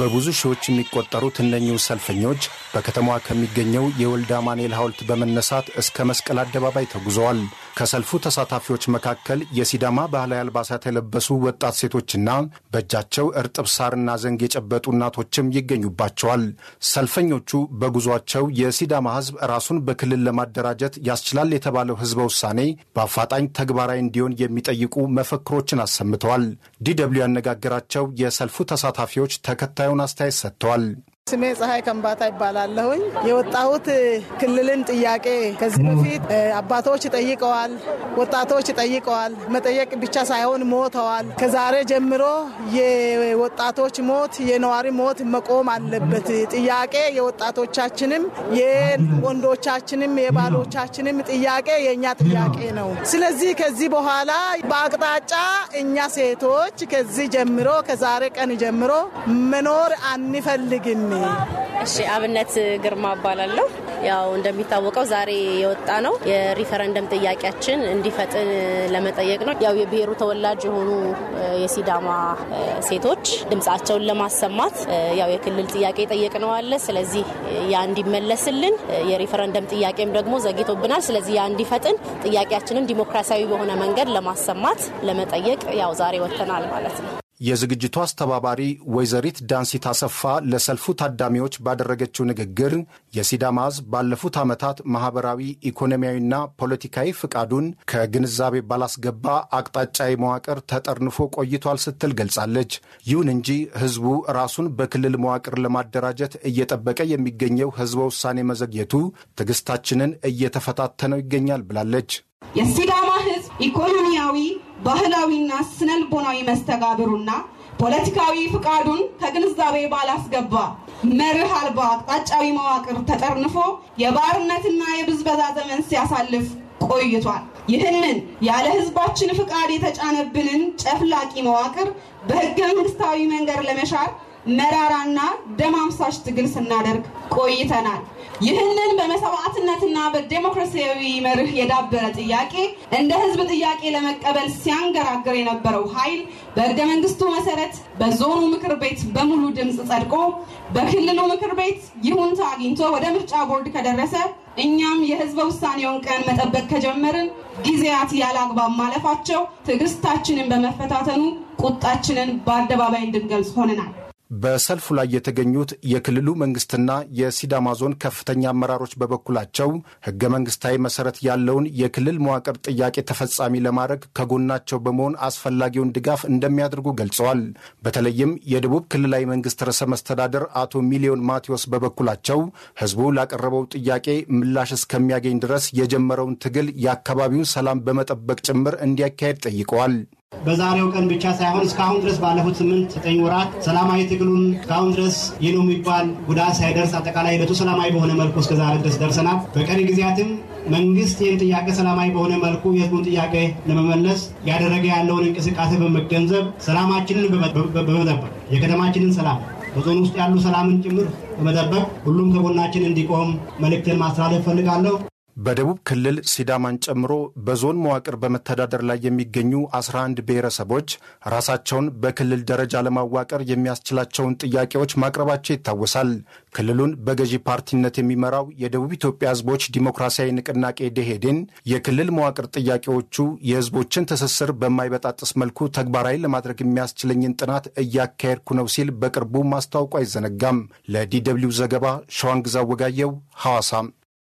በብዙ ሺዎች የሚቆጠሩ ትነኚሁ ሰልፈኞች በከተማዋ ከሚገኘው የወልደ አማኑኤል ሐውልት በመነሳት እስከ መስቀል አደባባይ ተጉዘዋል። ከሰልፉ ተሳታፊዎች መካከል የሲዳማ ባህላዊ አልባሳት የለበሱ ወጣት ሴቶችና በእጃቸው እርጥብ ሳርና ዘንግ የጨበጡ እናቶችም ይገኙባቸዋል። ሰልፈኞቹ በጉዟቸው የሲዳማ ሕዝብ ራሱን በክልል ለማደራጀት ያስችላል የተባለው ሕዝበ ውሳኔ በአፋጣኝ ተግባራዊ እንዲሆን የሚጠይቁ መፈክሮችን አሰምተዋል። ዲ ያነጋገራቸው የሰልፉ ተሳታፊዎች ተከታዩን አስተያየት ሰጥተዋል። ስሜ ፀሐይ ከንባታ ይባላለሁኝ። የወጣሁት ክልልን ጥያቄ ከዚህ በፊት አባቶች ጠይቀዋል፣ ወጣቶች ጠይቀዋል። መጠየቅ ብቻ ሳይሆን ሞተዋል። ከዛሬ ጀምሮ የወጣቶች ሞት፣ የነዋሪ ሞት መቆም አለበት። ጥያቄ የወጣቶቻችንም፣ የወንዶቻችንም፣ የባሎቻችንም ጥያቄ የእኛ ጥያቄ ነው። ስለዚህ ከዚህ በኋላ በአቅጣጫ እኛ ሴቶች ከዚህ ጀምሮ ከዛሬ ቀን ጀምሮ መኖር አንፈልግም። እሺ አብነት ግርማ እባላለሁ። ያው እንደሚታወቀው ዛሬ የወጣ ነው የሪፈረንደም ጥያቄያችን እንዲፈጥን ለመጠየቅ ነው። ያው የብሔሩ ተወላጅ የሆኑ የሲዳማ ሴቶች ድምጻቸውን ለማሰማት ያው የክልል ጥያቄ ጠየቅነው አለ። ስለዚህ ያ እንዲመለስልን የሪፈረንደም ጥያቄም ደግሞ ዘግቶብናል ስለዚህ ያ እንዲፈጥን ጥያቄያችንን ዲሞክራሲያዊ በሆነ መንገድ ለማሰማት ለመጠየቅ ያው ዛሬ ወጥተናል ማለት ነው። የዝግጅቱ አስተባባሪ ወይዘሪት ዳንሲት አሰፋ ለሰልፉ ታዳሚዎች ባደረገችው ንግግር የሲዳማ ሕዝብ ባለፉት ዓመታት ማኅበራዊ፣ ኢኮኖሚያዊና ፖለቲካዊ ፍቃዱን ከግንዛቤ ባላስገባ አቅጣጫዊ መዋቅር ተጠርንፎ ቆይቷል ስትል ገልጻለች። ይሁን እንጂ ሕዝቡ ራሱን በክልል መዋቅር ለማደራጀት እየጠበቀ የሚገኘው ሕዝበ ውሳኔ መዘግየቱ ትግስታችንን እየተፈታተነው ይገኛል ብላለች። የሲዳማ ሕዝብ ኢኮኖሚያዊ፣ ባህላዊና ስነልቦናዊ መስተጋብሩና ፖለቲካዊ ፍቃዱን ከግንዛቤ ባላስገባ መርህ አልባ አቅጣጫዊ መዋቅር ተጠርንፎ የባርነትና የብዝበዛ ዘመን ሲያሳልፍ ቆይቷል። ይህንን ያለ ህዝባችን ፍቃድ የተጫነብንን ጨፍላቂ መዋቅር በህገ መንግስታዊ መንገድ ለመሻር መራራና ደም አምሳሽ ትግል ስናደርግ ቆይተናል። ይህንን በመሰዋዕትነትና በዴሞክራሲያዊ መርህ የዳበረ ጥያቄ እንደ ህዝብ ጥያቄ ለመቀበል ሲያንገራግር የነበረው ኃይል በህገ መንግስቱ መሰረት በዞኑ ምክር ቤት በሙሉ ድምፅ ጸድቆ በክልሉ ምክር ቤት ይሁንታ አግኝቶ ወደ ምርጫ ቦርድ ከደረሰ እኛም የህዝበ ውሳኔውን ቀን መጠበቅ ከጀመርን ጊዜያት ያለ አግባብ ማለፋቸው ትዕግስታችንን በመፈታተኑ ቁጣችንን በአደባባይ እንድንገልጽ ሆነናል። በሰልፉ ላይ የተገኙት የክልሉ መንግስትና የሲዳማ ዞን ከፍተኛ አመራሮች በበኩላቸው ህገ መንግስታዊ መሰረት ያለውን የክልል መዋቅር ጥያቄ ተፈጻሚ ለማድረግ ከጎናቸው በመሆን አስፈላጊውን ድጋፍ እንደሚያደርጉ ገልጸዋል። በተለይም የደቡብ ክልላዊ መንግስት ርዕሰ መስተዳደር አቶ ሚሊዮን ማቴዎስ በበኩላቸው ህዝቡ ላቀረበው ጥያቄ ምላሽ እስከሚያገኝ ድረስ የጀመረውን ትግል የአካባቢውን ሰላም በመጠበቅ ጭምር እንዲያካሄድ ጠይቀዋል። በዛሬው ቀን ብቻ ሳይሆን እስካሁን ድረስ ባለፉት ስምንት ዘጠኝ ወራት ሰላማዊ ትግሉን እስካሁን ድረስ ይህ ነው የሚባል ጉዳት ሳይደርስ አጠቃላይ ሂደቱ ሰላማዊ በሆነ መልኩ እስከዛሬ ድረስ ደርሰናል። በቀሪ ጊዜያትም መንግስት ይህን ጥያቄ ሰላማዊ በሆነ መልኩ የህዝቡን ጥያቄ ለመመለስ ያደረገ ያለውን እንቅስቃሴ በመገንዘብ ሰላማችንን በመጠበቅ የከተማችንን ሰላም በዞን ውስጥ ያሉ ሰላምን ጭምር በመጠበቅ ሁሉም ከጎናችን እንዲቆም መልእክትን ማስተላለፍ እፈልጋለሁ። በደቡብ ክልል ሲዳማን ጨምሮ በዞን መዋቅር በመተዳደር ላይ የሚገኙ 11 ብሔረሰቦች ራሳቸውን በክልል ደረጃ ለማዋቀር የሚያስችላቸውን ጥያቄዎች ማቅረባቸው ይታወሳል። ክልሉን በገዢ ፓርቲነት የሚመራው የደቡብ ኢትዮጵያ ሕዝቦች ዲሞክራሲያዊ ንቅናቄ ደኢህዴን የክልል መዋቅር ጥያቄዎቹ የሕዝቦችን ትስስር በማይበጣጥስ መልኩ ተግባራዊ ለማድረግ የሚያስችለኝን ጥናት እያካሄድኩ ነው ሲል በቅርቡ ማስታወቁ አይዘነጋም። ለዲ ደብልዩ ዘገባ ሸዋንግዛ ወጋየው ሐዋሳም